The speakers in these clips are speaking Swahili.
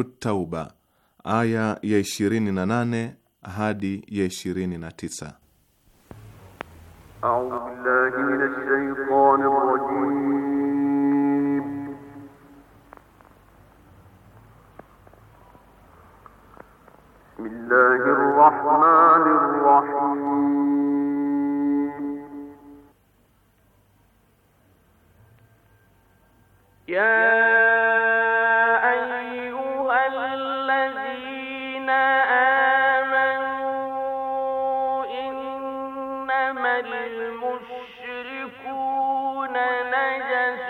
Suratu Tauba aya ya ishirini na nane hadi ya ishirini na tisa نجس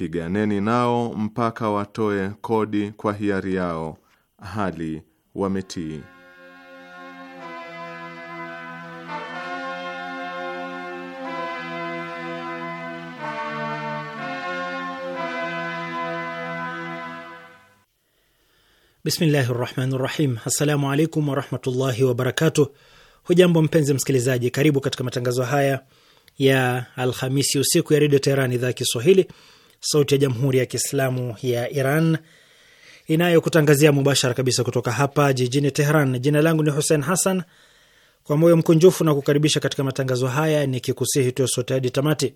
piganeni nao mpaka watoe kodi kwa hiari yao hali wametii. Bismillahi rahmani rahim. Assalamu alaikum warahmatullahi wabarakatuh. Hujambo mpenzi msikilizaji, karibu katika matangazo haya ya Alhamisi usiku ya redio Teheran, idhaa ya Kiswahili, sauti ya jamhuri ya kiislamu ya Iran inayokutangazia mubashara kabisa kutoka hapa jijini Tehran. Jina langu ni Hussein Hassan, kwa moyo mkunjufu na kukaribisha katika matangazo haya, nikikusihi tuwe sote hadi tamati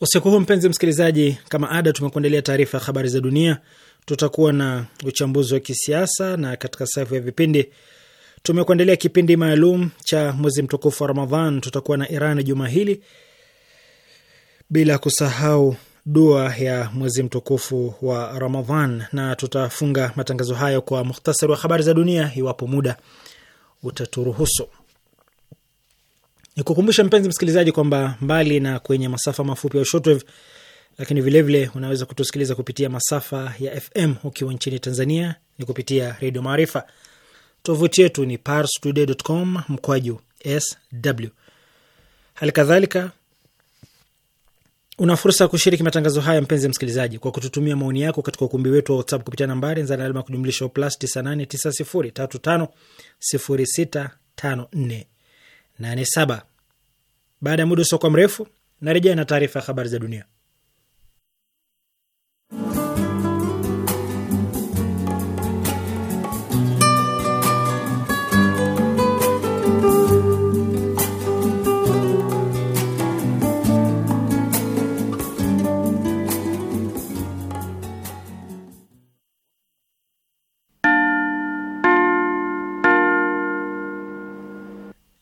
usiku huu. Mpenzi msikilizaji, kama ada, tumekuandalia taarifa ya habari za dunia, tutakuwa na uchambuzi wa kisiasa, na katika safu ya vipindi tumekuandalia kipindi maalum cha mwezi mtukufu wa Ramadhan. Tutakuwa na Iran juma hili bila kusahau dua ya mwezi mtukufu wa Ramadhan, na tutafunga matangazo hayo kwa muhtasari wa habari za dunia iwapo muda utaturuhusu. Nikukumbusha mpenzi msikilizaji kwamba mbali na kwenye masafa mafupi ya shortwave, lakini vilevile unaweza kutusikiliza kupitia masafa ya FM ukiwa nchini Tanzania ni kupitia Redio Maarifa. Tovuti yetu ni parstoday.com mkwaju sw. Hali kadhalika Una fursa ya kushiriki matangazo haya mpenzi msikilizaji, kwa kututumia maoni yako katika ukumbi wetu wa WhatsApp kupitia nambari za alama kujumlisha plus 989035065487. Baada ya muda usiokuwa mrefu, narejea na taarifa ya habari za dunia.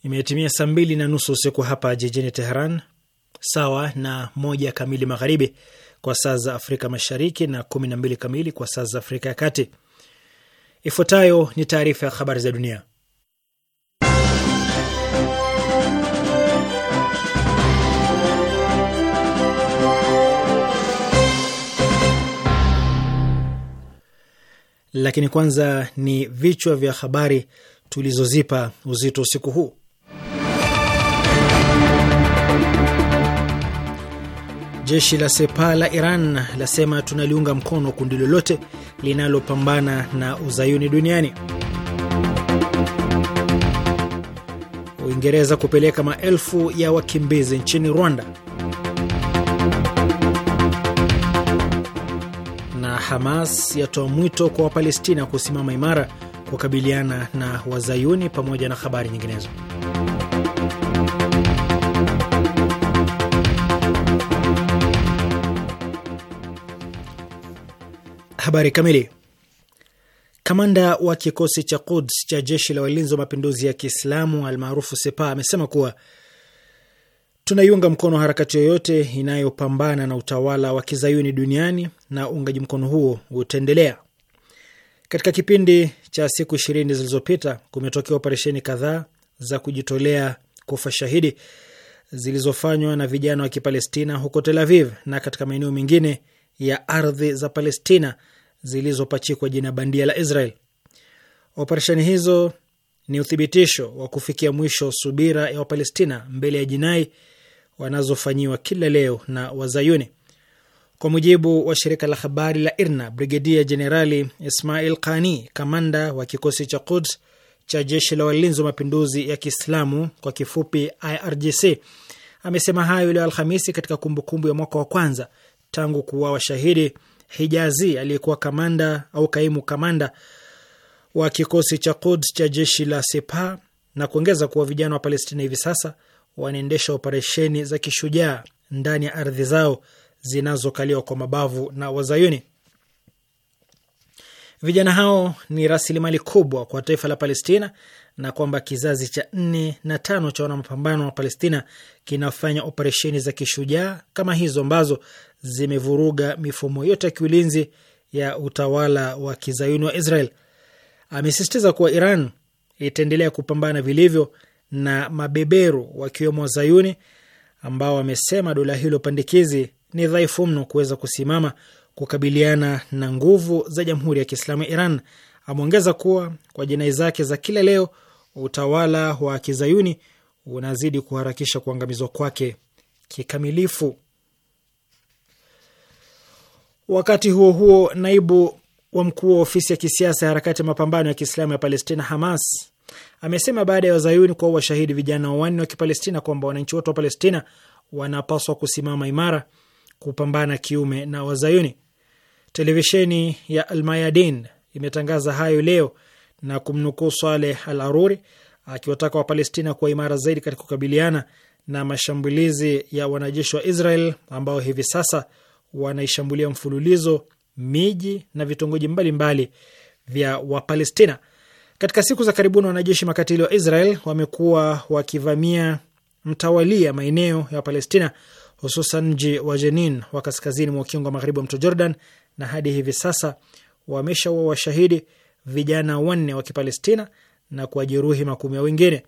Imetimia saa mbili na nusu usiku hapa jijini Teheran, sawa na moja kamili magharibi kwa saa za Afrika Mashariki na kumi na mbili kamili kwa saa za Afrika ya Kati. Ifuatayo ni taarifa ya habari za dunia, lakini kwanza ni vichwa vya habari tulizozipa uzito usiku huu. Jeshi la Sepa la Iran lasema tunaliunga mkono kundi lolote linalopambana na uzayuni duniani. Uingereza kupeleka maelfu ya wakimbizi nchini Rwanda. Na Hamas yatoa mwito kwa Wapalestina kusimama imara kukabiliana na wazayuni, pamoja na habari nyinginezo. Habari kamili. Kamanda wa kikosi cha Quds cha jeshi la walinzi wa mapinduzi ya Kiislamu almaarufu Sepa amesema kuwa tunaiunga mkono harakati yoyote inayopambana na utawala wa kizayuni duniani na uungaji mkono huo utaendelea. Katika kipindi cha siku ishirini zilizopita kumetokea operesheni kadhaa za kujitolea kufa shahidi zilizofanywa na vijana wa Kipalestina huko Tel Aviv na katika maeneo mengine ya ardhi za Palestina zilizopachikwa jina bandia la Israel. Operesheni hizo ni uthibitisho wa kufikia mwisho subira ya Wapalestina mbele ya jinai wanazofanyiwa kila leo na Wazayuni. Kwa mujibu wa shirika la habari la IRNA, Brigedia Jenerali Ismail Qani, kamanda wa kikosi cha Quds cha jeshi la walinzi wa mapinduzi ya Kiislamu, kwa kifupi IRGC, amesema hayo leo Alhamisi katika kumbukumbu ya mwaka wa kwanza tangu kuwa shahidi Hijazi aliyekuwa kamanda au kaimu kamanda wa kikosi cha Quds cha jeshi la Sepa na kuongeza kuwa vijana wa Palestina hivi sasa wanaendesha operesheni za kishujaa ndani ya ardhi zao zinazokaliwa kwa mabavu na Wazayuni. Vijana hao ni rasilimali kubwa kwa taifa la Palestina na kwamba kizazi cha nne na tano cha wanamapambano wa Palestina kinafanya operesheni za kishujaa kama hizo ambazo zimevuruga mifumo yote ya kiulinzi ya utawala wa kizayuni wa Israel. Amesisitiza kuwa Iran itaendelea kupambana vilivyo na mabeberu wakiwemo wazayuni ambao wamesema dola hilo pandikizi ni dhaifu mno kuweza kusimama kukabiliana na nguvu za Jamhuri ya Kiislamu ya Iran. Ameongeza kuwa kwa jinai zake za kila leo utawala wa kizayuni unazidi kuharakisha kuangamizwa kwake kikamilifu. Wakati huo huo, naibu wa mkuu wa ofisi ya kisiasa ya harakati ya mapambano ya kiislamu ya Palestina, Hamas, amesema baada ya wazayuni kuwa washahidi vijana wanne wa Kipalestina kwamba wananchi wote wa Palestina wanapaswa kusimama imara kupambana kiume na wazayuni. Televisheni ya Almayadin imetangaza hayo leo na kumnukuu Saleh Al Aruri akiwataka Wapalestina kuwa imara zaidi katika kukabiliana na mashambulizi ya wanajeshi wa Israel ambao hivi sasa wanaishambulia mfululizo miji na vitongoji mbalimbali vya Wapalestina. Katika siku za karibuni, wanajeshi makatili wa Israel wamekuwa wakivamia mtawalia maeneo ya Wapalestina, hususan mji wa Jenin wa kaskazini mwa ukingo wa magharibi wa mto Jordan, na hadi hivi sasa wameshaua washahidi vijana wanne wa Kipalestina na kuwajeruhi makumi ya wengine.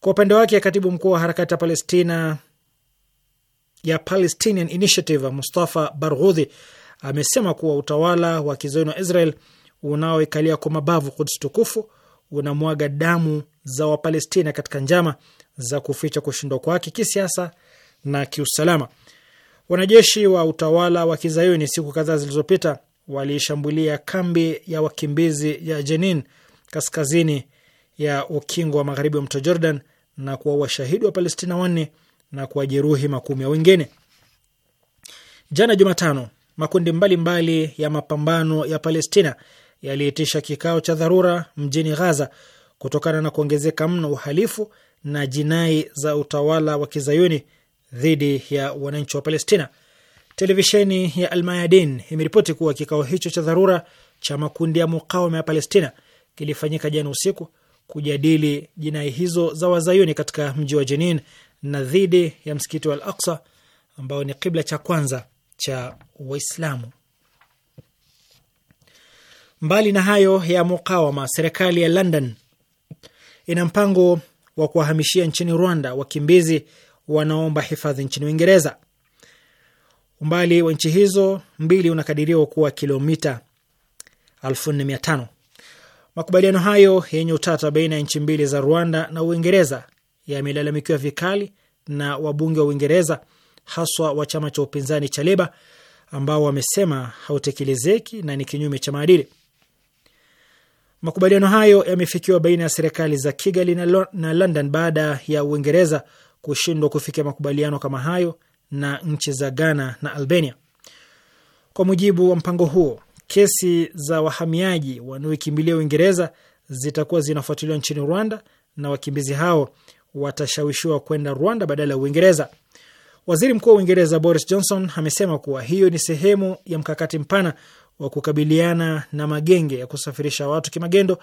Kwa upande wake, katibu mkuu wa harakati ya Palestina ya Palestinian Initiative Mustafa Barghudhi amesema kuwa utawala wa kizayuni wa Israel unaoikalia kwa mabavu Kuds tukufu unamwaga damu za Wapalestina katika njama za kuficha kushindwa kwake kisiasa na kiusalama. Wanajeshi wa utawala wa kizayuni siku kadhaa zilizopita walishambulia kambi ya wakimbizi ya Jenin kaskazini ya ukingo wa magharibi wa mto Jordan na kuwa washahidi wa Palestina wanne na kuwajeruhi makumi ya wengine. Jana Jumatano, makundi mbalimbali mbali ya mapambano ya Palestina yaliitisha kikao cha dharura mjini Ghaza kutokana na kuongezeka mno uhalifu na jinai za utawala wa kizayuni dhidi ya wananchi wa Palestina. Televisheni ya Almayadin imeripoti kuwa kikao hicho cha dharura cha makundi ya mukawama ya Palestina kilifanyika jana usiku kujadili jinai hizo za wazayuni katika mji wa Jenin na dhidi ya msikiti wa Al Aksa ambao ni kibla cha kwanza cha Waislamu. Mbali na hayo ya mukawama, serikali ya London ina mpango wa kuwahamishia nchini Rwanda wakimbizi wanaomba hifadhi nchini Uingereza. Umbali wa nchi hizo mbili unakadiriwa kuwa kilomita 5 Makubaliano hayo yenye utata baina ya nchi mbili za Rwanda na Uingereza yamelalamikiwa vikali na wabunge wa Uingereza, haswa wa chama cha upinzani cha Leba, ambao wamesema hautekelezeki na ni kinyume cha maadili. Makubaliano hayo yamefikiwa baina ya serikali za Kigali na London baada ya Uingereza kushindwa kufikia makubaliano kama hayo na nchi za Ghana na Albania. Kwa mujibu wa mpango huo, kesi za wahamiaji wanaokimbilia Uingereza zitakuwa zinafuatiliwa nchini Rwanda na wakimbizi hao watashawishiwa kwenda Rwanda badala ya Uingereza. Waziri Mkuu wa Uingereza Boris Johnson amesema kuwa hiyo ni sehemu ya mkakati mpana wa kukabiliana na magenge ya kusafirisha watu kimagendo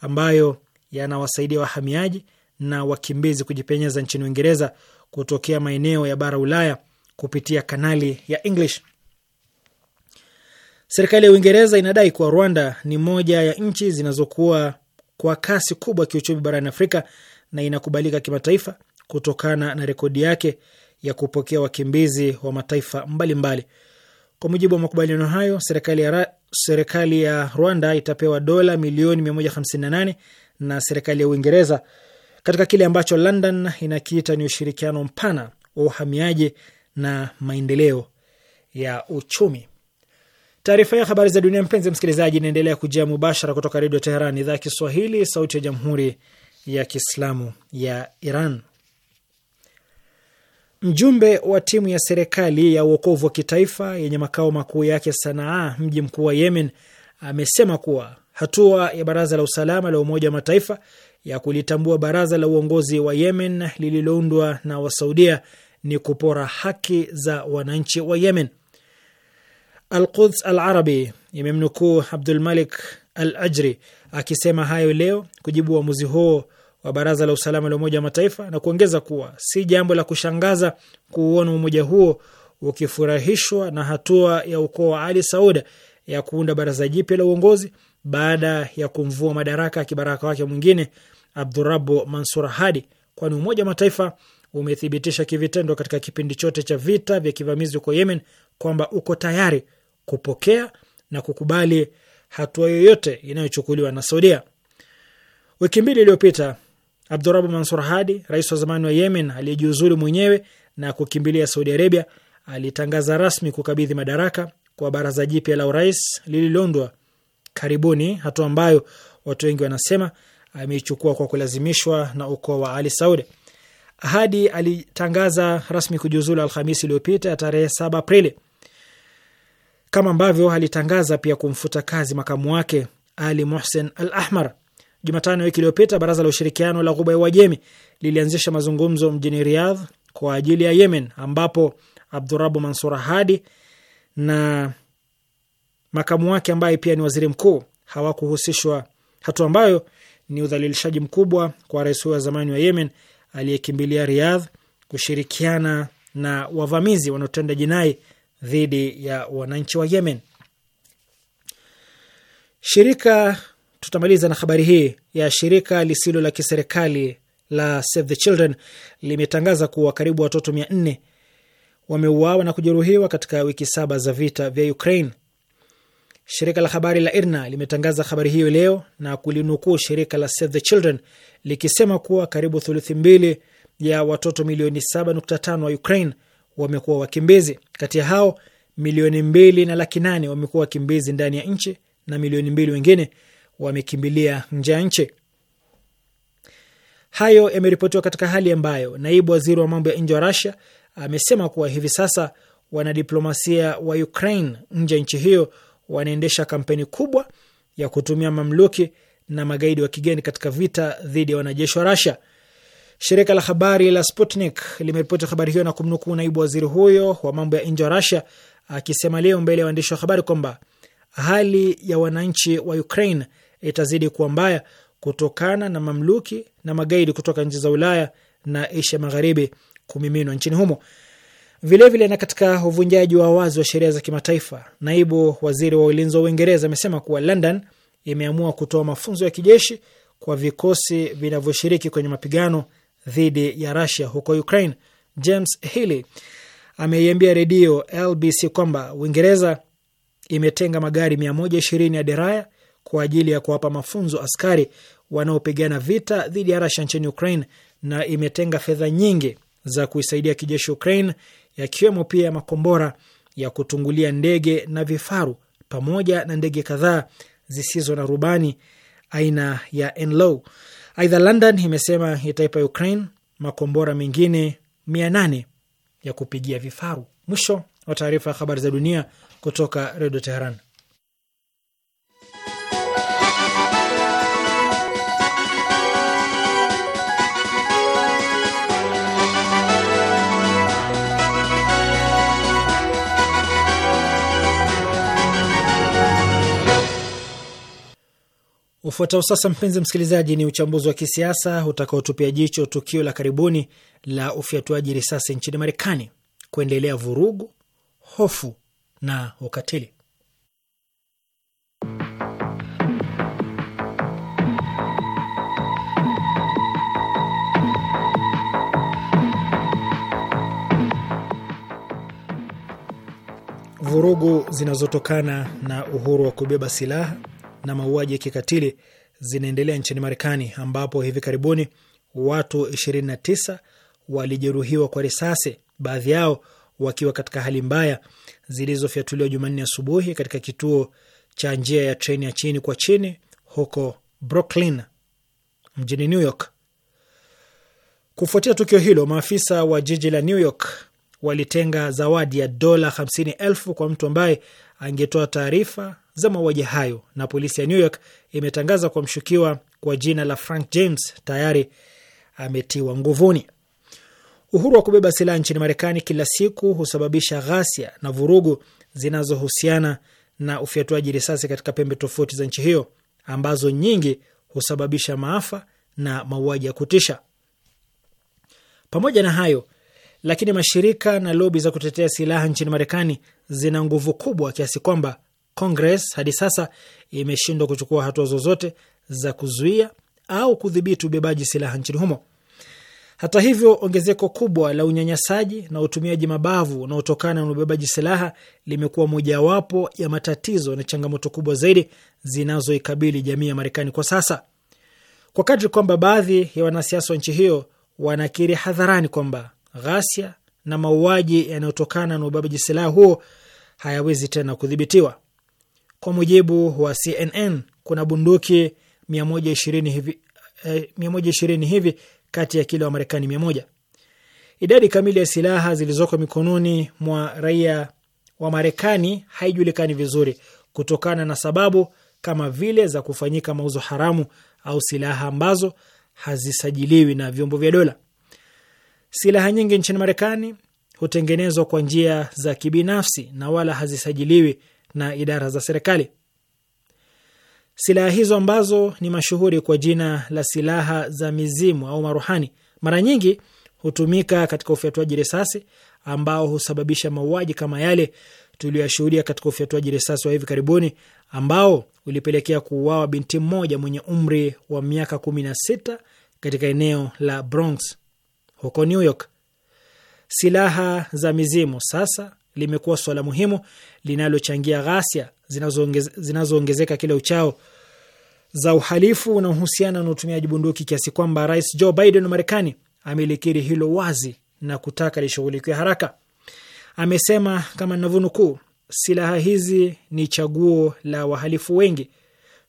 ambayo yanawasaidia wahamiaji na wakimbizi kujipenyeza nchini Uingereza kutokea maeneo ya bara Ulaya kupitia kanali ya English. Serikali ya Uingereza inadai kuwa Rwanda ni moja ya nchi zinazokuwa kwa kasi kubwa kiuchumi barani Afrika na inakubalika kimataifa kutokana na rekodi yake ya kupokea wakimbizi wa mataifa mbalimbali mbali. Kwa mujibu wa makubaliano hayo, serikali ya, serikali ya Rwanda itapewa dola milioni 158 na serikali ya Uingereza katika kile ambacho London inakiita ni ushirikiano mpana wa uhamiaji na maendeleo ya uchumi. Taarifa ya habari za dunia, mpenzi msikilizaji, inaendelea kujia mubashara kutoka Redio Teheran, idhaa ya Kiswahili, sauti ya Jamhuri ya Kiislamu ya Iran. Mjumbe wa timu ya serikali ya uokovu wa kitaifa yenye makao makuu yake Sanaa, mji mkuu wa Yemen, amesema kuwa hatua ya Baraza la Usalama la Umoja wa Mataifa ya kulitambua baraza la uongozi wa Yemen lililoundwa na Wasaudia ni kupora haki za wananchi wa Yemen. Alquds Al Arabi imemnukuu Abdulmalik Al Ajri akisema hayo leo kujibu uamuzi huo wa baraza la usalama la Umoja wa Mataifa na kuongeza kuwa si jambo la kushangaza kuuona umoja huo ukifurahishwa na hatua ya ukoo wa Ali Sauda ya kuunda baraza jipya la uongozi baada ya kumvua madaraka ya kibaraka wake mwingine Abdurabu Mansur Hadi, kwani Umoja wa Mataifa umethibitisha kivitendo katika kipindi chote cha vita vya kivamizi huko Yemen kwamba uko tayari kupokea na kukubali hatua yoyote inayochukuliwa na Saudia. Wiki mbili iliyopita, Abdurabu Mansur Hadi, rais wa zamani wa Yemen aliyejiuzulu mwenyewe na kukimbilia Saudi Arabia, alitangaza rasmi kukabidhi madaraka kwa baraza jipya la urais lililoundwa karibuni, hatua ambayo watu wengi wanasema ameichukua kwa kulazimishwa na ukoo wa Ali Saud. Hadi alitangaza rasmi kujiuzulu Alhamisi iliyopita tarehe 7 Aprili, kama ambavyo alitangaza pia kumfuta kazi makamu wake Ali Muhsen Al Ahmar. Jumatano wiki iliyopita, baraza la ushirikiano la Ghuba ya Uajemi lilianzisha mazungumzo mjini Riyadh kwa ajili ya Yemen, ambapo Abdurabu Mansur Hadi na makamu wake ambaye pia ni waziri mkuu hawakuhusishwa, hatua ambayo ni udhalilishaji mkubwa kwa rais huyo wa zamani wa Yemen aliyekimbilia Riyadh kushirikiana na wavamizi wanaotenda jinai dhidi ya wananchi wa Yemen. Shirika tutamaliza na habari hii ya shirika lisilo la kiserikali la Save the Children limetangaza kuwa karibu watoto mia nne wameuawa na kujeruhiwa katika wiki saba za vita vya Ukraine Shirika la habari la IRNA limetangaza habari hiyo leo na kulinukuu shirika la Save the Children likisema kuwa karibu thuluthi mbili ya watoto milioni 7.5 wa Ukraine wamekuwa wakimbizi. Kati ya hao milioni mbili na laki nane wamekuwa wakimbizi ndani ya nchi na milioni mbili wengine wamekimbilia nje ya nchi. Hayo yameripotiwa katika hali ambayo naibu waziri wa mambo ya nje wa Russia amesema kuwa hivi sasa wanadiplomasia wa Ukraine nje ya nchi hiyo wanaendesha kampeni kubwa ya kutumia mamluki na magaidi wa kigeni katika vita dhidi ya wanajeshi wa Rasia. Shirika la habari la Sputnik limeripoti habari hiyo na kumnukuu naibu waziri huyo wa mambo ya nje wa Rasia akisema leo mbele ya waandishi wa habari kwamba hali ya wananchi wa Ukraine itazidi kuwa mbaya kutokana na mamluki na magaidi kutoka nchi za Ulaya na Asia magharibi kumiminwa nchini humo. Vilevile vile na katika uvunjaji wa wazi wa sheria za kimataifa, naibu waziri wa ulinzi wa Uingereza amesema kuwa London imeamua kutoa mafunzo ya kijeshi kwa vikosi vinavyoshiriki kwenye mapigano dhidi ya rasia huko Ukraine. James Healy ameiambia redio LBC kwamba Uingereza imetenga magari 120 ya deraya kwa ajili ya kuwapa mafunzo askari wanaopigana vita dhidi ya rasia nchini Ukraine na imetenga fedha nyingi za kuisaidia kijeshi Ukraine yakiwemo pia ya makombora ya kutungulia ndege na vifaru pamoja na ndege kadhaa zisizo na rubani aina ya nlow Aidha, London imesema itaipa Ukraine makombora mengine mia nane ya kupigia vifaru. Mwisho wa taarifa ya habari za dunia kutoka Redio Teheran. Ufuatao sasa, mpenzi msikilizaji, ni uchambuzi wa kisiasa utakaotupia jicho tukio la karibuni la ufyatuaji risasi nchini Marekani, kuendelea vurugu, hofu na ukatili. Vurugu zinazotokana na uhuru wa kubeba silaha na mauaji ya kikatili zinaendelea nchini Marekani, ambapo hivi karibuni watu 29 walijeruhiwa kwa risasi, baadhi yao wakiwa katika hali mbaya, zilizofyatuliwa Jumanne asubuhi katika kituo cha njia ya treni ya chini kwa chini huko Brooklyn mjini New York. Kufuatia tukio hilo, maafisa wa jiji la New York walitenga zawadi ya dola 50,000 kwa mtu ambaye angetoa taarifa za mauaji hayo, na polisi ya New York imetangaza kwa mshukiwa kwa jina la Frank James tayari ametiwa nguvuni. Uhuru wa kubeba silaha nchini Marekani kila siku husababisha ghasia na vurugu zinazohusiana na ufyatuaji risasi katika pembe tofauti za nchi hiyo ambazo nyingi husababisha maafa na mauaji ya kutisha. Pamoja na hayo lakini, mashirika na lobi za kutetea silaha nchini Marekani zina nguvu kubwa kiasi kwamba Congress hadi sasa imeshindwa kuchukua hatua zozote za kuzuia au kudhibiti ubebaji silaha nchini humo. Hata hivyo, ongezeko kubwa la unyanyasaji na utumiaji mabavu unaotokana na ubebaji silaha limekuwa mojawapo ya matatizo na changamoto kubwa zaidi zinazoikabili jamii ya Marekani kwa sasa, kwa kadri kwamba baadhi ya wanasiasa wa nchi hiyo wanakiri hadharani kwamba ghasia na mauaji yanayotokana na ubebaji silaha huo hayawezi tena kudhibitiwa. Kwa mujibu wa CNN, kuna bunduki 120 hivi, eh, 120 hivi kati ya kila Wamarekani 100. Idadi kamili ya silaha zilizoko mikononi mwa raia wa Marekani haijulikani vizuri kutokana na sababu kama vile za kufanyika mauzo haramu au silaha ambazo hazisajiliwi na vyombo vya dola. Silaha nyingi nchini Marekani hutengenezwa kwa njia za kibinafsi na wala hazisajiliwi na idara za serikali. Silaha hizo ambazo ni mashuhuri kwa jina la silaha za mizimu au maruhani, mara nyingi hutumika katika ufyatuaji risasi ambao husababisha mauaji kama yale tuliyoyashuhudia katika ufyatuaji risasi wa hivi karibuni ambao ulipelekea kuuawa binti mmoja mwenye umri wa miaka kumi na sita katika eneo la Bronx huko New York. Silaha za mizimu sasa limekuwa swala muhimu linalochangia ghasia zinazoongezeka zinazo kila uchao za uhalifu unaohusiana na utumiaji bunduki kiasi kwamba Rais Joe Biden wa Marekani amelikiri hilo wazi na kutaka lishughulikiwe haraka. Amesema kama ninavyonukuu, silaha hizi ni chaguo la wahalifu wengi,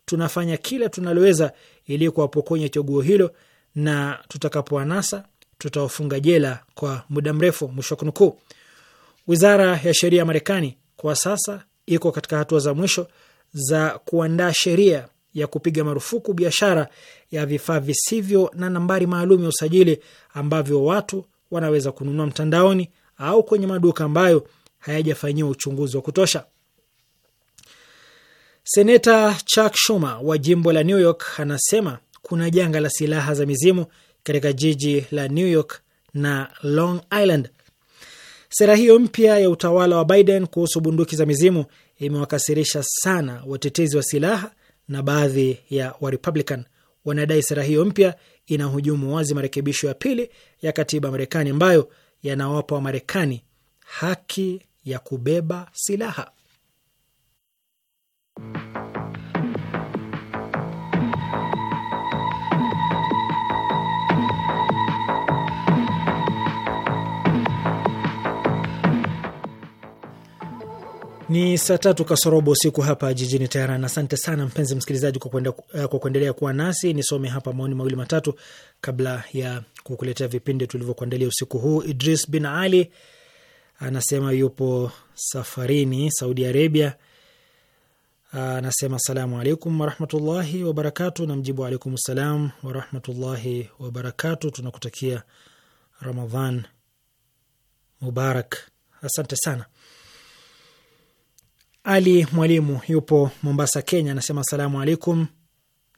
tunafanya kila tunaloweza ili kuwapokonya chaguo hilo, na tutakapoanasa tutawafunga jela kwa muda mrefu, mwisho wa kunukuu. Wizara ya sheria ya Marekani kwa sasa iko katika hatua za mwisho za kuandaa sheria ya kupiga marufuku biashara ya vifaa visivyo na nambari maalum ya usajili ambavyo watu wanaweza kununua mtandaoni au kwenye maduka ambayo hayajafanyiwa uchunguzi wa kutosha. Seneta Chuck Schumer wa jimbo la New York anasema kuna janga la silaha za mizimu katika jiji la New York na Long Island Sera hiyo mpya ya utawala wa Biden kuhusu bunduki za mizimu imewakasirisha sana watetezi wa silaha na baadhi ya Warepublican wanadai sera hiyo mpya inahujumu wazi marekebisho ya pili ya katiba Marekani ambayo yanawapa Wamarekani haki ya kubeba silaha. Ni saa tatu kasorobo usiku hapa jijini Teheran. Asante sana mpenzi msikilizaji eh, kwa kuendelea kuwa nasi. Nisome hapa maoni mawili matatu kabla ya kukuletea vipindi tulivyokuandalia usiku huu. Idris bin Ali anasema yupo safarini Saudi Arabia. Anasema asalamu alaikum warahmatullahi wabarakatu, na mjibu alaikum salam warahmatullahi wabarakatu. Tunakutakia Ramadhan mubarak. Asante sana. Ali Mwalimu yupo Mombasa, Kenya, anasema asalamu alaikum,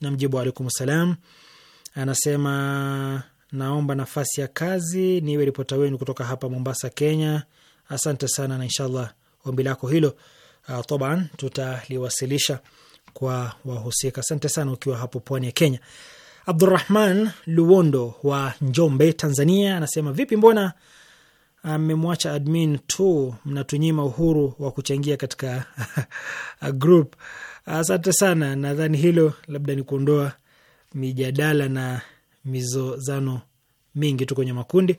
na mjibu alaikum salam. Anasema naomba nafasi ya kazi niwe ripota wenu kutoka hapa Mombasa, Kenya. Asante sana, na inshallah ombi lako hilo uh, taban tutaliwasilisha kwa wahusika. Asante sana ukiwa hapo pwani ya Kenya. Abdurahman Luwondo wa Njombe, Tanzania, anasema vipi, mbona mmemwacha admin tu, mnatunyima uhuru wa kuchangia katika group. Asante sana, nadhani hilo labda ni kuondoa mijadala na mizozano mingi tu kwenye makundi,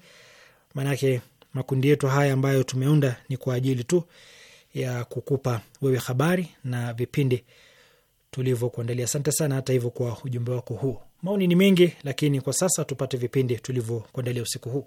maanake makundi yetu haya ambayo tumeunda ni kwa ajili tu ya kukupa wewe habari na vipindi tulivyokuandalia. Asante sana hata hivyo kwa ujumbe wako huu. Maoni ni mengi, lakini kwa sasa tupate vipindi tulivyokuandalia usiku huu.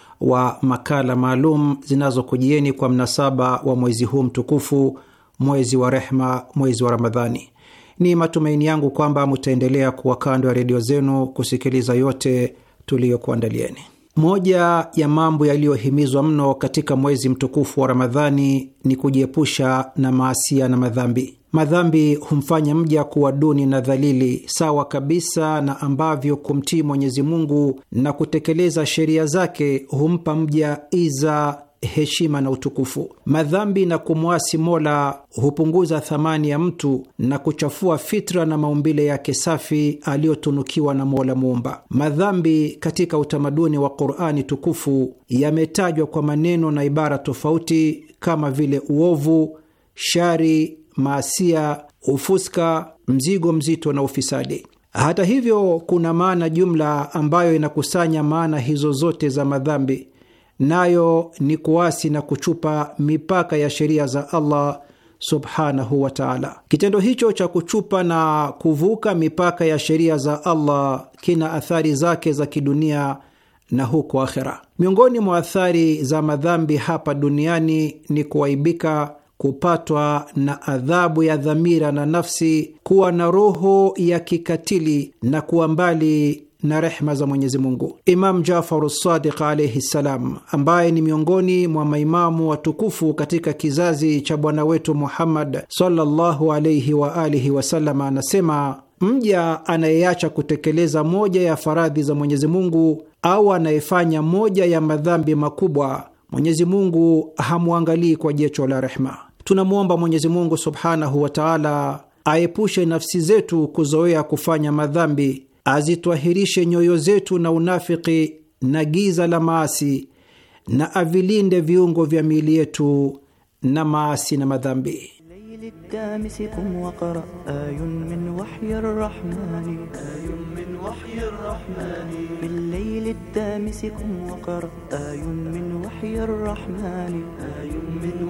wa makala maalum zinazokujieni kwa mnasaba wa mwezi huu mtukufu, mwezi wa rehma, mwezi wa Ramadhani. Ni matumaini yangu kwamba mutaendelea kuwa kando ya redio zenu kusikiliza yote tuliyokuandalieni. Moja ya mambo yaliyohimizwa mno katika mwezi mtukufu wa Ramadhani ni kujiepusha na maasia na madhambi. Madhambi humfanya mja kuwa duni na dhalili, sawa kabisa na ambavyo kumtii Mwenyezi Mungu na kutekeleza sheria zake humpa mja iza heshima na utukufu. Madhambi na kumwasi Mola hupunguza thamani ya mtu na kuchafua fitra na maumbile yake safi aliyotunukiwa na Mola Muumba. Madhambi katika utamaduni wa Qur'ani tukufu yametajwa kwa maneno na ibara tofauti kama vile uovu, shari maasia, ufuska, mzigo mzito na ufisadi. Hata hivyo, kuna maana jumla ambayo inakusanya maana hizo zote za madhambi, nayo ni kuasi na kuchupa mipaka ya sheria za Allah subhanahu wa taala. Kitendo hicho cha kuchupa na kuvuka mipaka ya sheria za Allah kina athari zake za kidunia na huko akhera. Miongoni mwa athari za madhambi hapa duniani ni kuaibika kupatwa na adhabu ya dhamira na nafsi, kuwa na roho ya kikatili na kuwa mbali na rehma za Mwenyezi Mungu. Imam Jafaru Sadiq alaihi ssalam, ambaye ni miongoni mwa maimamu watukufu katika kizazi cha bwana wetu Muhammad sallallahu alaihi wasallam, anasema mja anayeacha kutekeleza moja ya faradhi za Mwenyezi Mungu au anayefanya moja ya madhambi makubwa, Mwenyezi Mungu hamwangalii kwa jecho la rehma tunamwomba Mwenyezi Mungu subhanahu wa taala aepushe nafsi zetu kuzoea kufanya madhambi, azitwahirishe nyoyo zetu na unafiki na giza la maasi, na avilinde viungo vya miili yetu na maasi na madhambi. من وحي الرحمن من وحي الرحمن بالليل من وحي الرحمن من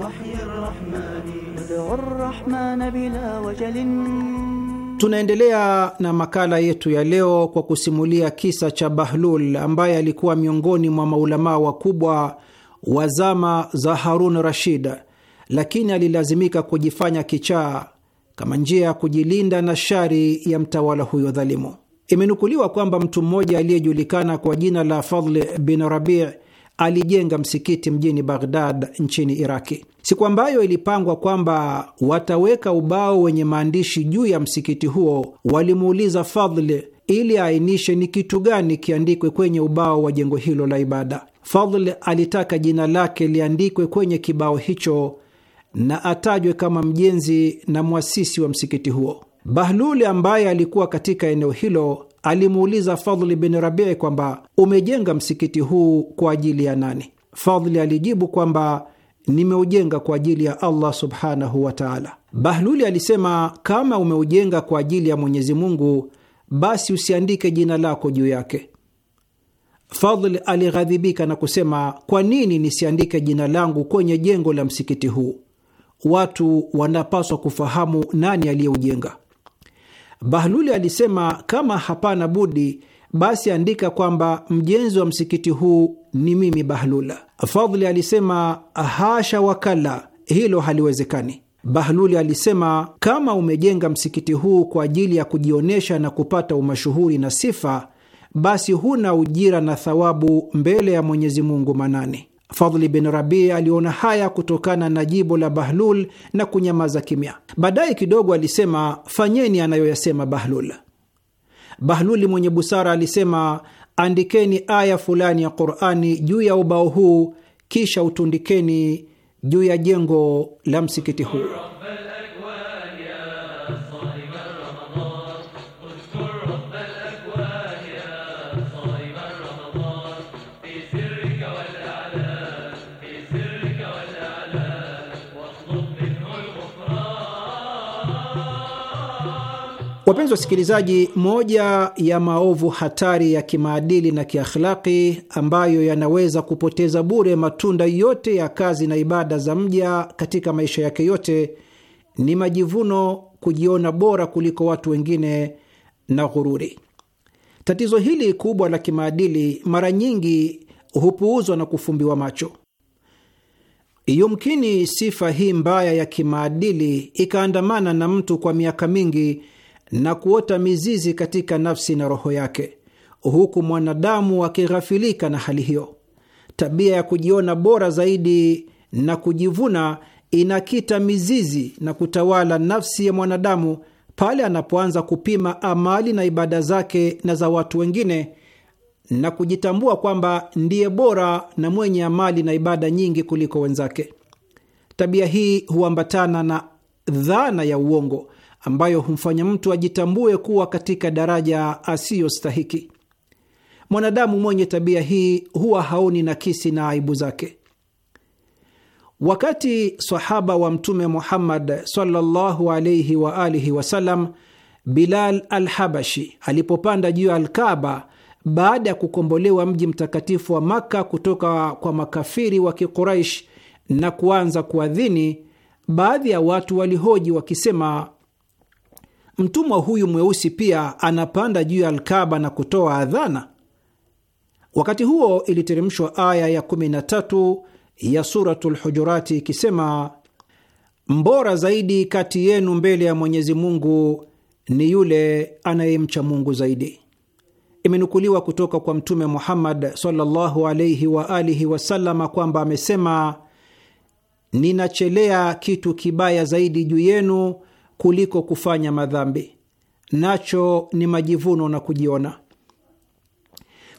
وحي الرحمن الرحمن بلا وجل Tunaendelea na makala yetu ya leo kwa kusimulia kisa cha Bahlul ambaye alikuwa miongoni mwa maulamaa wakubwa wa zama za Harun Rashid lakini alilazimika kujifanya kichaa kama njia ya kujilinda na shari ya mtawala huyo dhalimu. Imenukuliwa kwamba mtu mmoja aliyejulikana kwa jina la Fadl bin Rabi alijenga msikiti mjini Baghdad nchini Iraki. Siku ambayo ilipangwa kwamba wataweka ubao wenye maandishi juu ya msikiti huo, walimuuliza Fadl ili aainishe ni kitu gani kiandikwe kwenye ubao wa jengo hilo la ibada. Fadl alitaka jina lake liandikwe kwenye kibao hicho na atajwe kama mjenzi na mwasisi wa msikiti huo. Bahluli ambaye alikuwa katika eneo hilo alimuuliza Fadhli bin Rabii kwamba umejenga msikiti huu kwa ajili ya nani? Fadhli alijibu kwamba nimeujenga kwa ajili ya Allah subhanahu wa taala. Bahluli alisema, kama umeujenga kwa ajili ya Mwenyezi Mungu, basi usiandike jina lako juu yake. Fadhl alighadhibika na kusema, kwa nini nisiandike jina langu kwenye jengo la msikiti huu? watu wanapaswa kufahamu nani aliyeujenga. Bahluli alisema, kama hapana budi, basi andika kwamba mjenzi wa msikiti huu ni mimi Bahlula. Fadhli alisema, hasha wakala, hilo haliwezekani. Bahluli alisema, kama umejenga msikiti huu kwa ajili ya kujionyesha na kupata umashuhuri na sifa, basi huna ujira na thawabu mbele ya Mwenyezi Mungu manane. Fadhli bin Rabi aliona haya kutokana na jibo la Bahlul na kunyamaza kimya. Baadaye kidogo alisema, fanyeni anayoyasema Bahlul. Bahluli mwenye busara alisema, andikeni aya fulani ya Qurani juu ya ubao huu, kisha utundikeni juu ya jengo la msikiti huu. Wapenzi wasikilizaji, moja ya maovu hatari ya kimaadili na kiakhlaki ambayo yanaweza kupoteza bure matunda yote ya kazi na ibada za mja katika maisha yake yote ni majivuno, kujiona bora kuliko watu wengine na ghururi. Tatizo hili kubwa la kimaadili mara nyingi hupuuzwa na kufumbiwa macho. Yumkini sifa hii mbaya ya kimaadili ikaandamana na mtu kwa miaka mingi na kuota mizizi katika nafsi na roho yake, huku mwanadamu akighafilika na hali hiyo. Tabia ya kujiona bora zaidi na kujivuna inakita mizizi na kutawala nafsi ya mwanadamu pale anapoanza kupima amali na ibada zake na za watu wengine na kujitambua kwamba ndiye bora na mwenye amali na ibada nyingi kuliko wenzake. Tabia hii huambatana na dhana ya uongo ambayo humfanya mtu ajitambue kuwa katika daraja asiyostahiki. Mwanadamu mwenye tabia hii huwa haoni nakisi na aibu zake. Wakati sahaba wa Mtume Muhammad sallallahu alaihi wa alihi wasallam Bilal Alhabashi alipopanda juu ya Alkaba baada ya kukombolewa mji mtakatifu wa Makka kutoka kwa makafiri wa Kiquraish na kuanza kuadhini, baadhi ya watu walihoji wakisema, Mtumwa huyu mweusi pia anapanda juu ya Alkaba na kutoa adhana. Wakati huo iliteremshwa aya ya 13 ya Suratul Hujurati ikisema, mbora zaidi kati yenu mbele ya Mwenyezi Mungu ni yule anayemcha Mungu zaidi. Imenukuliwa kutoka kwa Mtume Muhammad sallallahu alaihi wa alihi wasallama kwamba amesema, ninachelea kitu kibaya zaidi juu yenu kuliko kufanya madhambi, nacho ni majivuno na kujiona.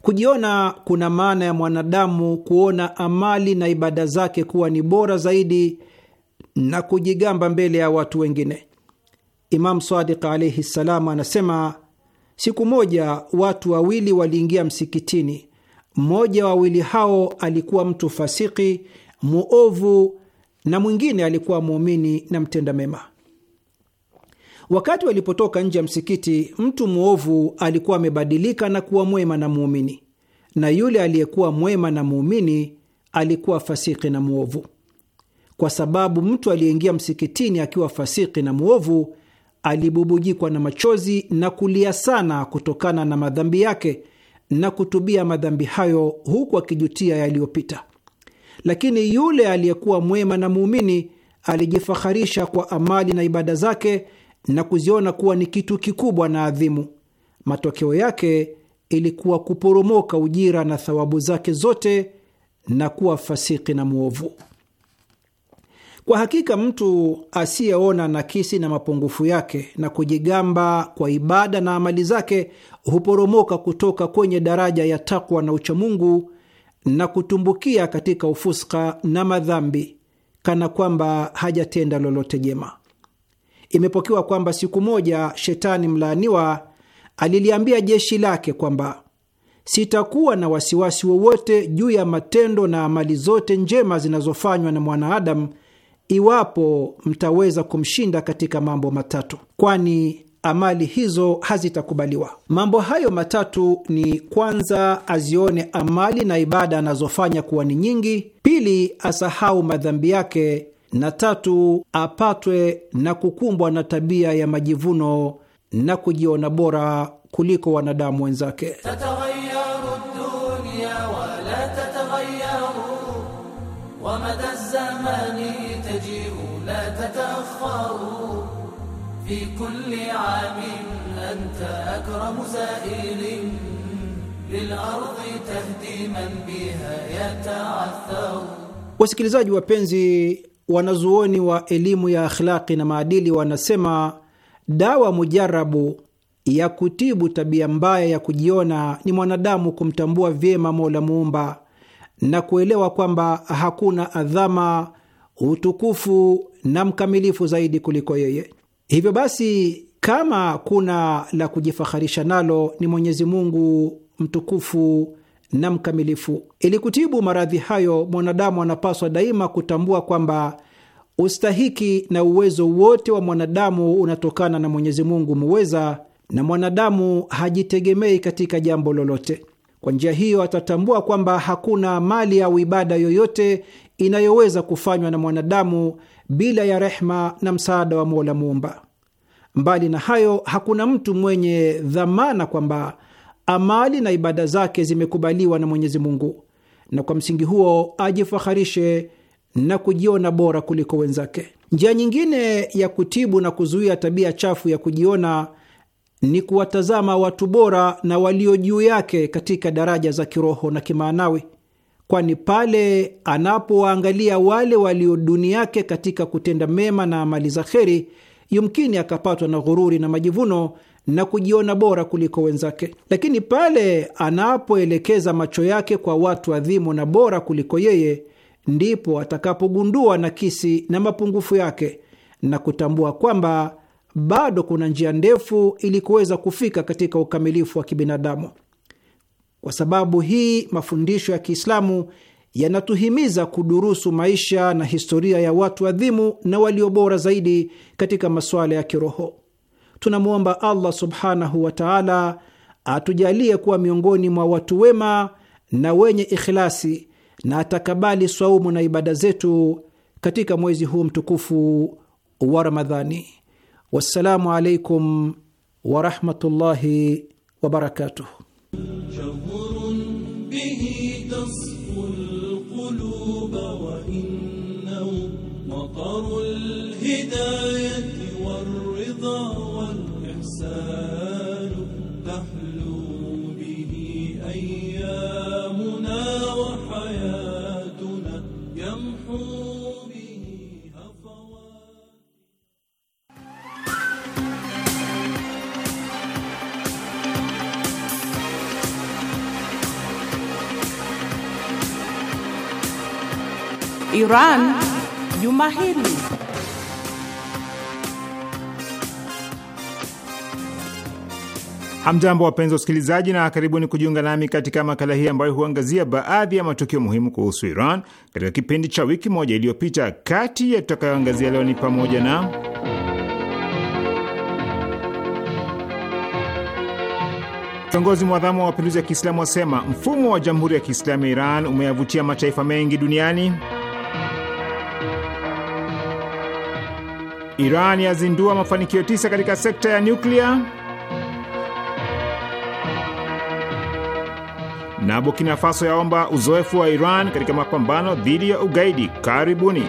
Kujiona kuna maana ya mwanadamu kuona amali na ibada zake kuwa ni bora zaidi na kujigamba mbele ya watu wengine. Imam Sadiq alaihi ssalam anasema, siku moja watu wawili waliingia msikitini. Mmoja wawili hao alikuwa mtu fasiki muovu, na mwingine alikuwa muumini na mtenda mema. Wakati walipotoka nje ya msikiti, mtu mwovu alikuwa amebadilika na kuwa mwema na muumini, na yule aliyekuwa mwema na muumini alikuwa fasiki na mwovu, kwa sababu mtu aliyeingia msikitini akiwa fasiki na mwovu alibubujikwa na machozi na kulia sana kutokana na madhambi yake na kutubia madhambi hayo huku akijutia yaliyopita. Lakini yule aliyekuwa mwema na muumini alijifaharisha kwa amali na ibada zake na kuziona kuwa ni kitu kikubwa na adhimu. Matokeo yake ilikuwa kuporomoka ujira na thawabu zake zote na kuwa fasiki na mwovu. Kwa hakika mtu asiyeona nakisi na mapungufu yake na kujigamba kwa ibada na amali zake huporomoka kutoka kwenye daraja ya takwa na uchamungu na kutumbukia katika ufuska na madhambi, kana kwamba hajatenda lolote jema imepokewa kwamba siku moja shetani mlaaniwa aliliambia jeshi lake kwamba sitakuwa na wasiwasi wowote juu ya matendo na amali zote njema zinazofanywa na mwanaadamu iwapo mtaweza kumshinda katika mambo matatu, kwani amali hizo hazitakubaliwa. Mambo hayo matatu ni kwanza, azione amali na ibada anazofanya kuwa ni nyingi; pili, asahau madhambi yake na tatu, apatwe na kukumbwa na tabia ya majivuno na kujiona bora kuliko wanadamu wenzake. Wasikilizaji wapenzi, wanazuoni wa elimu ya akhlaki na maadili wanasema dawa mujarabu ya kutibu tabia mbaya ya kujiona ni mwanadamu kumtambua vyema Mola Muumba na kuelewa kwamba hakuna adhama, utukufu na mkamilifu zaidi kuliko yeye. Hivyo basi, kama kuna la kujifaharisha nalo ni Mwenyezi Mungu mtukufu na mkamilifu. Ili kutibu maradhi hayo, mwanadamu anapaswa daima kutambua kwamba ustahiki na uwezo wote wa mwanadamu unatokana na Mwenyezi Mungu muweza, na mwanadamu hajitegemei katika jambo lolote. Kwa njia hiyo atatambua kwamba hakuna mali au ibada yoyote inayoweza kufanywa na mwanadamu bila ya rehma na msaada wa Mola Muumba. Mbali na hayo, hakuna mtu mwenye dhamana kwamba amali na ibada zake zimekubaliwa na Mwenyezi Mungu, na kwa msingi huo ajifaharishe na kujiona bora kuliko wenzake. Njia nyingine ya kutibu na kuzuia tabia chafu ya kujiona ni kuwatazama watu bora na walio juu yake katika daraja za kiroho na kimaanawi, kwani pale anapowaangalia wale walio duni yake katika kutenda mema na amali za kheri, yumkini akapatwa na ghururi na majivuno na kujiona bora kuliko wenzake, lakini pale anapoelekeza macho yake kwa watu adhimu na bora kuliko yeye, ndipo atakapogundua nakisi na mapungufu yake na kutambua kwamba bado kuna njia ndefu ili kuweza kufika katika ukamilifu wa kibinadamu. Kwa sababu hii, mafundisho ya Kiislamu yanatuhimiza kudurusu maisha na historia ya watu adhimu na walio bora zaidi katika masuala ya kiroho tunamwomba Allah subhanahu wa taala atujalie kuwa miongoni mwa watu wema na wenye ikhlasi na atakabali swaumu na ibada zetu katika mwezi huu mtukufu wa Ramadhani. Wassalamu alaikum warahmatullahi wabarakatuh. الزمان تحلو به أيامنا وحياتنا يمحو به هفوات إيران Hamjambo, wapenzi wasikilizaji, na karibuni kujiunga nami katika makala hii ambayo huangazia baadhi ya matukio muhimu kuhusu Iran katika kipindi cha wiki moja iliyopita. Kati ya tutakayoangazia leo ni pamoja na kiongozi mwadhamu wa mapinduzi ya Kiislamu wasema mfumo wa Jamhuri ya Kiislamu ya Iran umeyavutia mataifa mengi duniani. Iran yazindua mafanikio tisa katika sekta ya nyuklia na Burkina Faso yaomba uzoefu wa Iran katika mapambano dhidi ya ugaidi. Karibuni.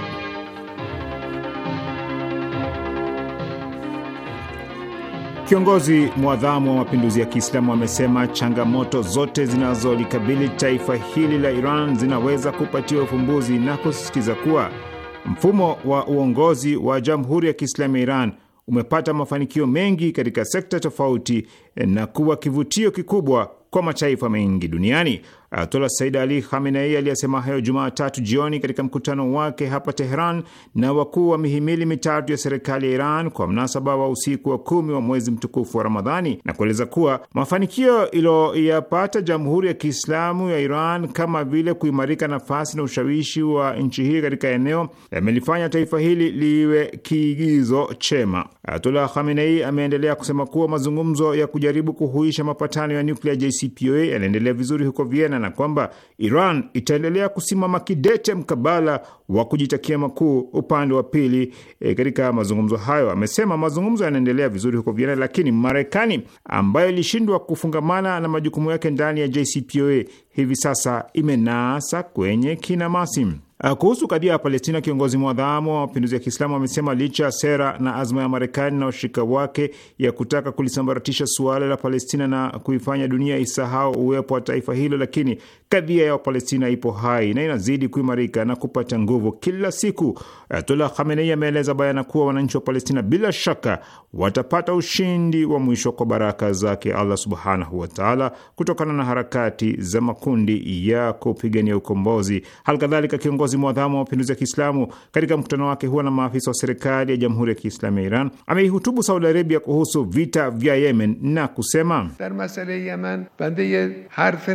Kiongozi mwadhamu wa mapinduzi ya Kiislamu amesema changamoto zote zinazolikabili taifa hili la Iran zinaweza kupatiwa ufumbuzi na kusisitiza kuwa mfumo wa uongozi wa Jamhuri ya Kiislamu ya Iran umepata mafanikio mengi katika sekta tofauti na kuwa kivutio kikubwa kwa mataifa mengi duniani. Ayatollah Said Ali Khamenei aliyasema hayo Jumatatu jioni katika mkutano wake hapa Teheran na wakuu wa mihimili mitatu ya serikali ya Iran kwa mnasaba wa usiku wa kumi wa mwezi mtukufu wa Ramadhani na kueleza kuwa mafanikio iliyoyapata Jamhuri ya Kiislamu ya Iran kama vile kuimarika nafasi na ushawishi wa nchi hii katika eneo yamelifanya taifa hili liwe kiigizo chema. Ayatollah Khamenei ameendelea kusema kuwa mazungumzo ya kujaribu kuhuisha mapatano ya nuklia JCPOA yanaendelea vizuri huko Vienna bayana kwamba Iran itaendelea kusimama kidete mkabala wa kujitakia makuu upande wa pili e, katika mazungumzo hayo. Amesema mazungumzo yanaendelea vizuri huko Vienna, lakini Marekani ambayo ilishindwa kufungamana na majukumu yake ndani ya JCPOA hivi sasa imenasa kwenye kinamasi. Uh, kuhusu kadhia ya Palestina, kiongozi mwadhamu wa mapinduzi ya Kiislamu amesema licha ya sera na azma ya Marekani na washirika wake ya kutaka kulisambaratisha suala la Palestina na kuifanya dunia isahau uwepo wa taifa hilo, lakini kadhia ya Wapalestina ipo hai na inazidi kuimarika na kupata nguvu kila siku. Ayatullah Khamenei ameeleza bayana kuwa wananchi wa Palestina bila shaka watapata ushindi wa mwisho kwa baraka zake Allah subhanahu wataala, kutokana na harakati za makundi ya kupigania ukombozi. Halikadhalika kiongozi kiongozi mwadhamu wa mapinduzi ya Kiislamu katika mkutano wake huwa na maafisa wa serikali ya jamhuri ya Kiislamu ya Iran ameihutubu Saudi Arabia kuhusu vita vya Yemen na kusema, dar masale yaman bande ye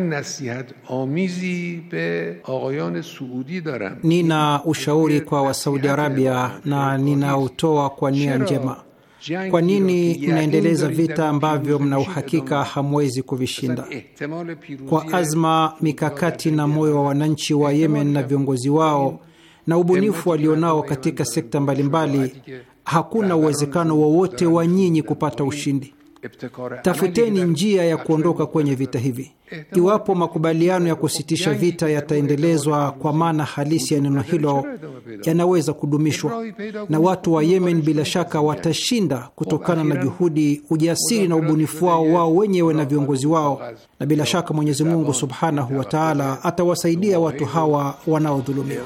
nasihat amizi be aghayan suudi daram, nina ushauri kwa Wasaudi Arabia na ninautoa kwa nia njema kwa nini mnaendeleza vita ambavyo mna uhakika hamwezi kuvishinda? Kwa azma, mikakati na moyo wa wananchi wa Yemen na viongozi wao na ubunifu walionao katika sekta mbalimbali, hakuna uwezekano wowote wa, wa nyinyi kupata ushindi. Tafuteni njia ya kuondoka kwenye vita hivi. Iwapo makubaliano ya kusitisha vita yataendelezwa kwa maana halisi ya neno hilo, yanaweza kudumishwa na watu wa Yemen, bila shaka watashinda kutokana na juhudi, ujasiri na ubunifu wao wao wenyewe na viongozi wao, na bila shaka Mwenyezi Mungu subhanahu wa taala atawasaidia watu hawa wanaodhulumiwa.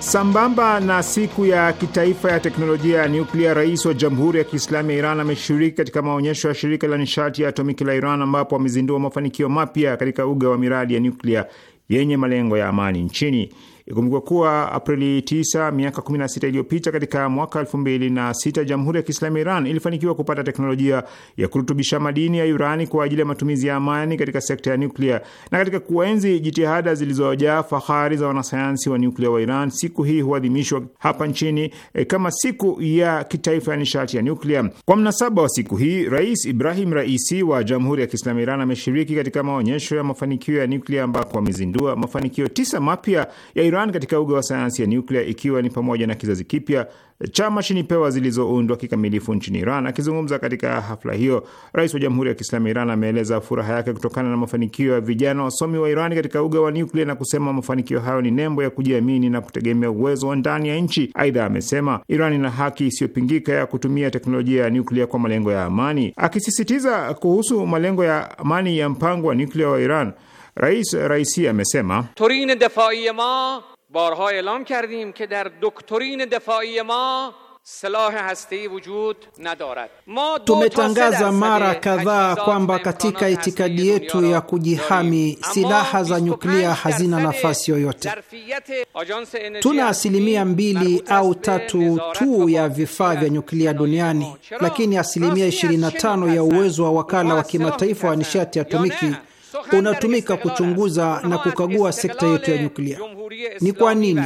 Sambamba na siku ya kitaifa ya teknolojia ya nyuklia, rais wa Jamhuri ya Kiislamu ya Iran ameshiriki katika maonyesho ya shirika la nishati ya atomiki la Iran, ambapo amezindua mafanikio mapya katika uga wa miradi ya nyuklia yenye malengo ya amani nchini. Ikumbukwa kuwa Aprili 9 miaka 16 iliyopita, katika mwaka 2006 Jamhuri ya Kiislamu ya Iran ilifanikiwa kupata teknolojia ya kurutubisha madini ya urani kwa ajili ya matumizi ya amani katika sekta ya nuklia. Na katika kuenzi jitihada zilizojaa fahari za wanasayansi wa nuklia wa Iran, siku hii huadhimishwa hapa nchini e, kama siku ya kitaifa ya nishati ya nuklia. Kwa mnasaba wa siku hii, Rais Ibrahim Raisi wa Jamhuri ya Kiislamu ya Iran ameshiriki katika maonyesho ya mafanikio ya nuklia ambako amezindua mafanikio tisa mapya ya Iran Iran katika uga wa sayansi ya nyuklia ikiwa ni pamoja na kizazi kipya cha mashini pewa zilizoundwa kikamilifu nchini Iran. Akizungumza katika hafla hiyo, rais wa Jamhuri ya Kiislamu ya Iran ameeleza furaha yake kutokana na mafanikio ya vijana wasomi wa Iran katika uga wa nyuklia na kusema mafanikio hayo ni nembo ya kujiamini na kutegemea uwezo wa ndani ya nchi. Aidha amesema Iran ina haki isiyopingika ya kutumia teknolojia ya nyuklia kwa malengo ya amani, akisisitiza kuhusu malengo ya amani ya mpango wa nyuklia wa Iran. Rais Raisi amesema torin defai ma barha elam kardim ke dar doktorin defai ma Tumetangaza mara kadhaa kwamba katika itikadi yetu ya kujihami silaha za nyuklia hazina nafasi yoyote. Tuna asilimia mbili au tatu tu ya vifaa vya nyuklia duniani, lakini asilimia 25 ya uwezo wa wakala wa kimataifa wa nishati atomiki unatumika kuchunguza na kukagua sekta yetu ya nyuklia. Ni kwa nini?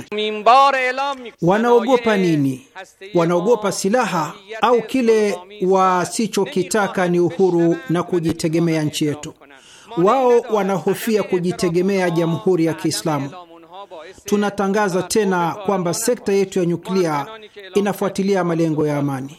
Wanaogopa nini? Wanaogopa silaha au kile wasichokitaka ni uhuru na kujitegemea nchi yetu. Wao wanahofia kujitegemea Jamhuri ya Kiislamu. Tunatangaza tena kwamba sekta yetu ya nyuklia inafuatilia malengo ya amani.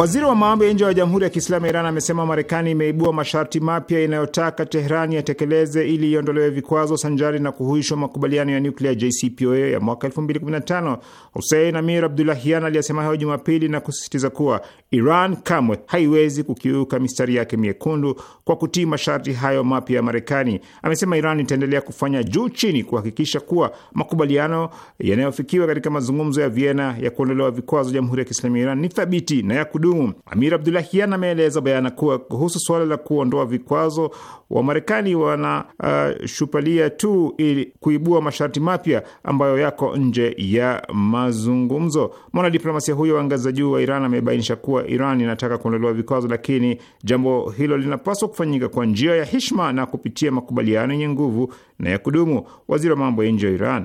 Waziri wa mambo ya nje wa Jamhuri ya Kiislamu ya Iran amesema Marekani imeibua masharti mapya inayotaka Teherani yatekeleze ili iondolewe vikwazo sanjari na kuhuishwa makubaliano ya nuklia JCPOA ya mwaka 2015. Husein Amir Abdulahian aliyesema hayo Jumapili na kusisitiza kuwa Iran kamwe haiwezi kukiuka mistari yake miekundu kwa kutii masharti hayo mapya ya Marekani. Amesema Iran itaendelea kufanya juu chini kuhakikisha kuwa makubaliano yanayofikiwa katika mazungumzo ya Vienna ya kuondolewa vikwazo Jamhuri ya Kiislamu ya Iran ni thabiti na ya kudumu. Amir Abdulahian ameeleza bayana kuwa kuhusu suala la kuondoa vikwazo, Wamarekani wanashupalia uh, tu ili kuibua masharti mapya ambayo yako nje ya mazungumzo. Mwanadiplomasia huyo wa ngazi za juu wa Iran amebainisha kuwa Iran inataka kuondolewa vikwazo, lakini jambo hilo linapaswa kufanyika kwa njia ya hishma na kupitia makubaliano yenye nguvu na ya kudumu. Waziri wa mambo ya nje wa Iran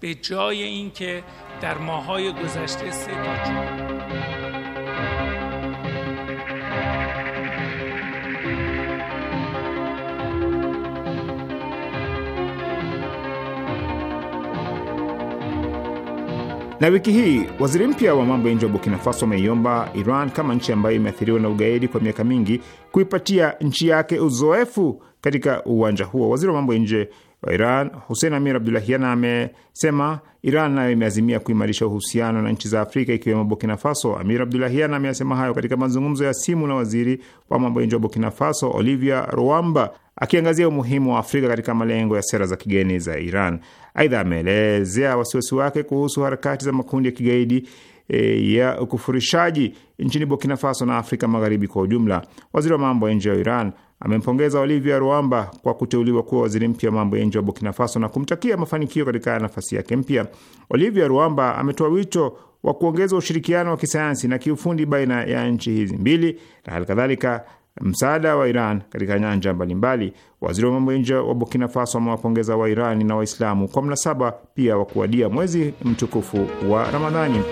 به جای اینکه در ماهای گذشته سه Na wiki hii waziri mpya wa mambo ya nje wa Burkina Faso ameiomba Iran kama nchi ambayo imeathiriwa na ugaidi kwa miaka mingi kuipatia nchi yake uzoefu katika uwanja huo. Waziri wa mambo ya nje wa Iran Hussein Amir Abdulahian amesema Iran nayo imeazimia kuimarisha uhusiano na nchi za Afrika ikiwemo Burkina Faso. Amir Abdulahian ameyasema hayo katika mazungumzo ya simu na waziri wa mambo ya nje wa Burkina Faso Olivia Ruamba, akiangazia umuhimu wa Afrika katika malengo ya sera za kigeni za Iran. Aidha, ameelezea wasiwasi wake kuhusu harakati za makundi ya kigaidi E, ya ukufurishaji nchini Burkina Faso na Afrika Magharibi kwa ujumla. Waziri wa mambo ya nje wa Iran amempongeza Olivia Ruamba kwa kuteuliwa kuwa waziri mpya wa mambo ya nje wa Burkina Faso na kumtakia mafanikio katika nafasi yake mpya. Olivia Ruamba ametoa wito wa kuongeza ushirikiano wa kisayansi na kiufundi baina ya nchi hizi mbili na hali kadhalika msaada wa Iran katika nyanja mbalimbali. Waziri wa mambo ya nje wa Burkina Faso amewapongeza wa Irani na Waislamu kwa mnasaba pia wa kuadia mwezi mtukufu wa Ramadhani.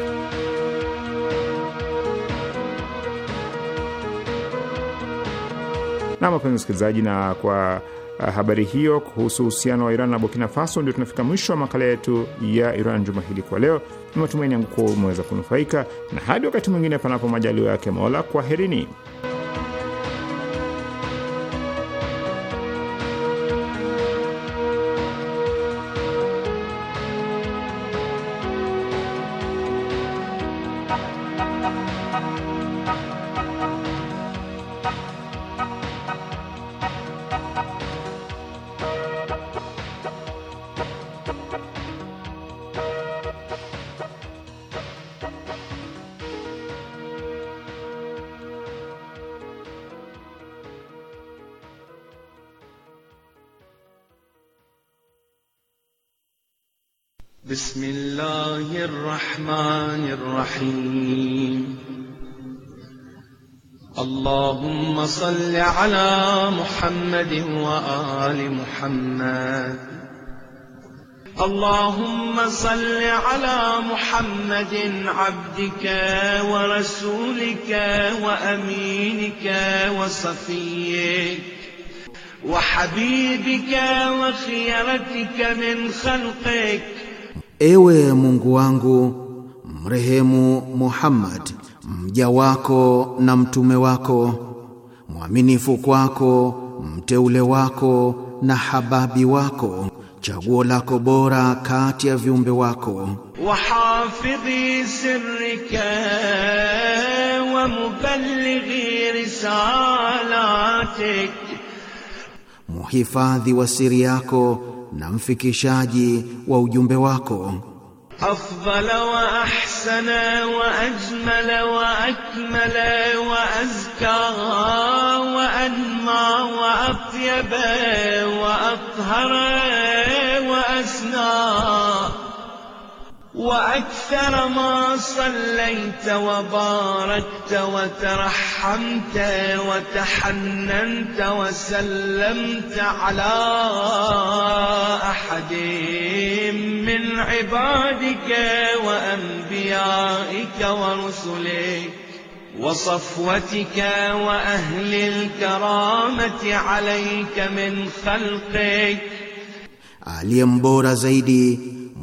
Na mapenzi msikilizaji, na kwa uh, habari hiyo kuhusu uhusiano wa Iran na Burkina Faso, ndio tunafika mwisho wa makala yetu ya Iran juma hili kwa leo. Ni matumaini yangu kuwa umeweza kunufaika, na hadi wakati mwingine, panapo majaliwa yake Mola, kwaherini. على محمد وآل محمد اللهم صل على محمد عبدك ورسولك وأمينك وصفيك وحبيبك وخيرتك من خلقك Ewe مungu wangu mrehemu Muhammad mja wako na mtume wako mwaminifu kwako, mteule wako na hababi wako, chaguo lako bora kati ya viumbe wako. wahafidhi sirrika wa mubalighi risalatik, muhifadhi wa siri yako na mfikishaji wa ujumbe wako. أفضل وأحسن وأجمل وأكمل وأزكى وأنمى وأطيب وأطهر وأسنى وأكثر ما صليت وباركت وترحمت وتحننت وسلمت على أحد من عبادك وأنبيائك ورسلك وصفوتك وأهل الكرامة عليك من خلقك علي mbora زيدي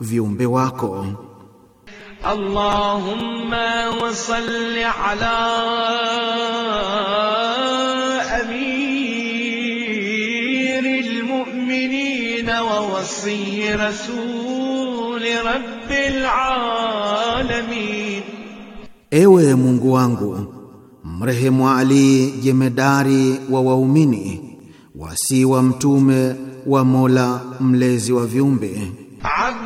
viumbe wako. Allahumma wa salli ala amiril mu'minin wa wasi rasul rabbil alamin, Ewe Mungu wangu mrehemu Ali jemedari wa waumini wasi wa mtume wa Mola mlezi wa viumbe Ab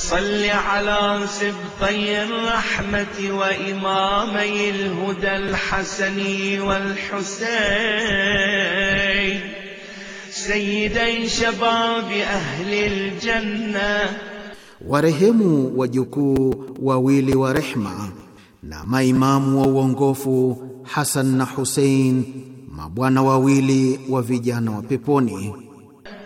فصل على سبطي الرحمة وإمامي الهدى الحسن والحسين سيدي شباب أهل الجنة warehemu wajukuu wawili wa rehma na maimamu wa uongofu Hasan na Husein, mabwana wawili wa vijana wa peponi.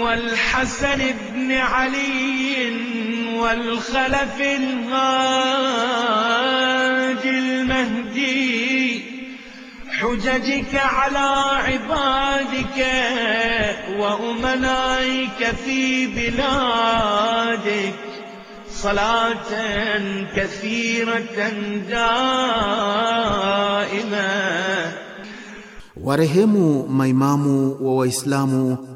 والحسن بن علي والخلف الهاج المهدي حججك على عبادك وأمنائك في بلادك صلاة كثيرة دائمة ورحموا ميمام وإسلامه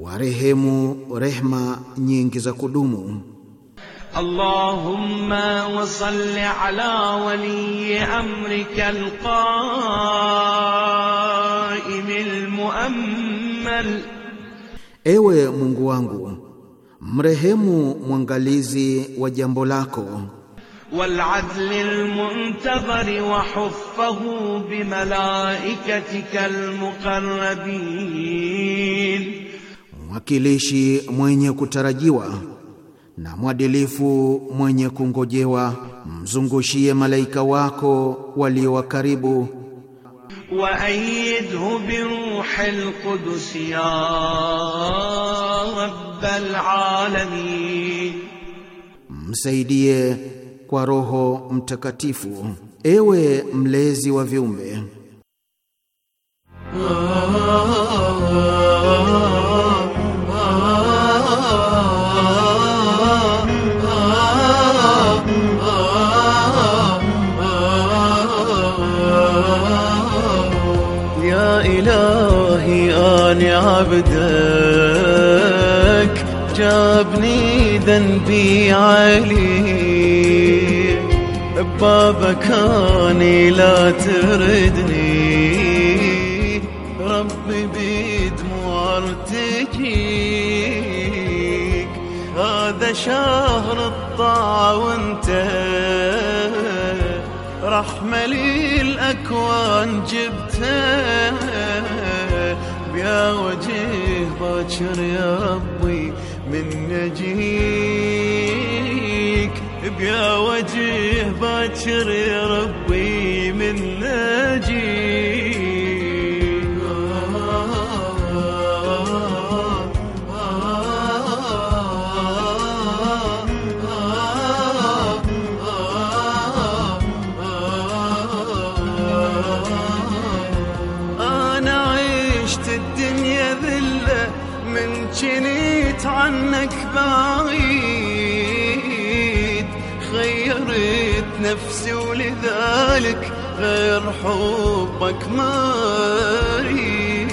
warehemu rehma nyingi za kudumu. Allahumma wa salli ala wali amrika alqaim almuammal, Ewe Mungu wangu mrehemu mwangalizi wa jambo lako Wal والعدل المنتظر وحفه بملائكتك المقربين mwakilishi mwenye kutarajiwa na mwadilifu mwenye kungojewa, mzungushie malaika wako walio wakaribu. Wa aidhu bi ruhil qudus ya rabbal alamin, msaidie kwa Roho Mtakatifu, ewe mlezi wa viumbe. Ah, ah, ah, شلون عبدك جابني ذنبي علي ببابك اني لا تردني ربي بدموع ارتجيك هذا شهر الطاعة وانت رحمة للأكوان جبتها وجه باكر يا ربي من نجيك بيا وجه باكر يا ربي ذلك غير حبك ما اريد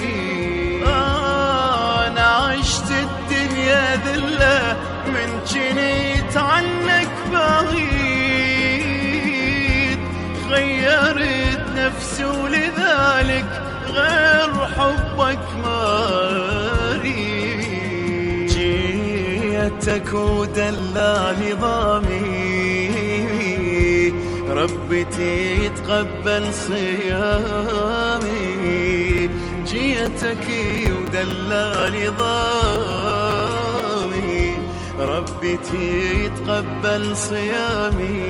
انا عشت الدنيا ذله من جنيت عنك بعيد غيرت نفسي ولذلك غير حبك ما اريد جيتك ودلاني ضامي توبتي تقبل صيامي جيتك ودلالي ضامي ربتي تقبل صيامي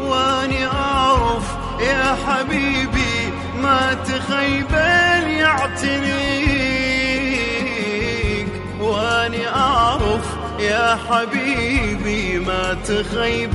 واني اعرف يا حبيبي ما تخيب يعتنيك واني اعرف يا حبيبي ما تخيب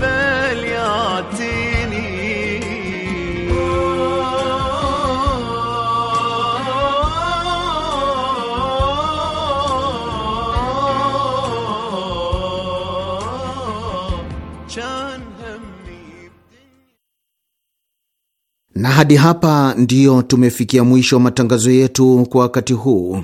na hadi hapa ndiyo tumefikia mwisho wa matangazo yetu kwa wakati huu.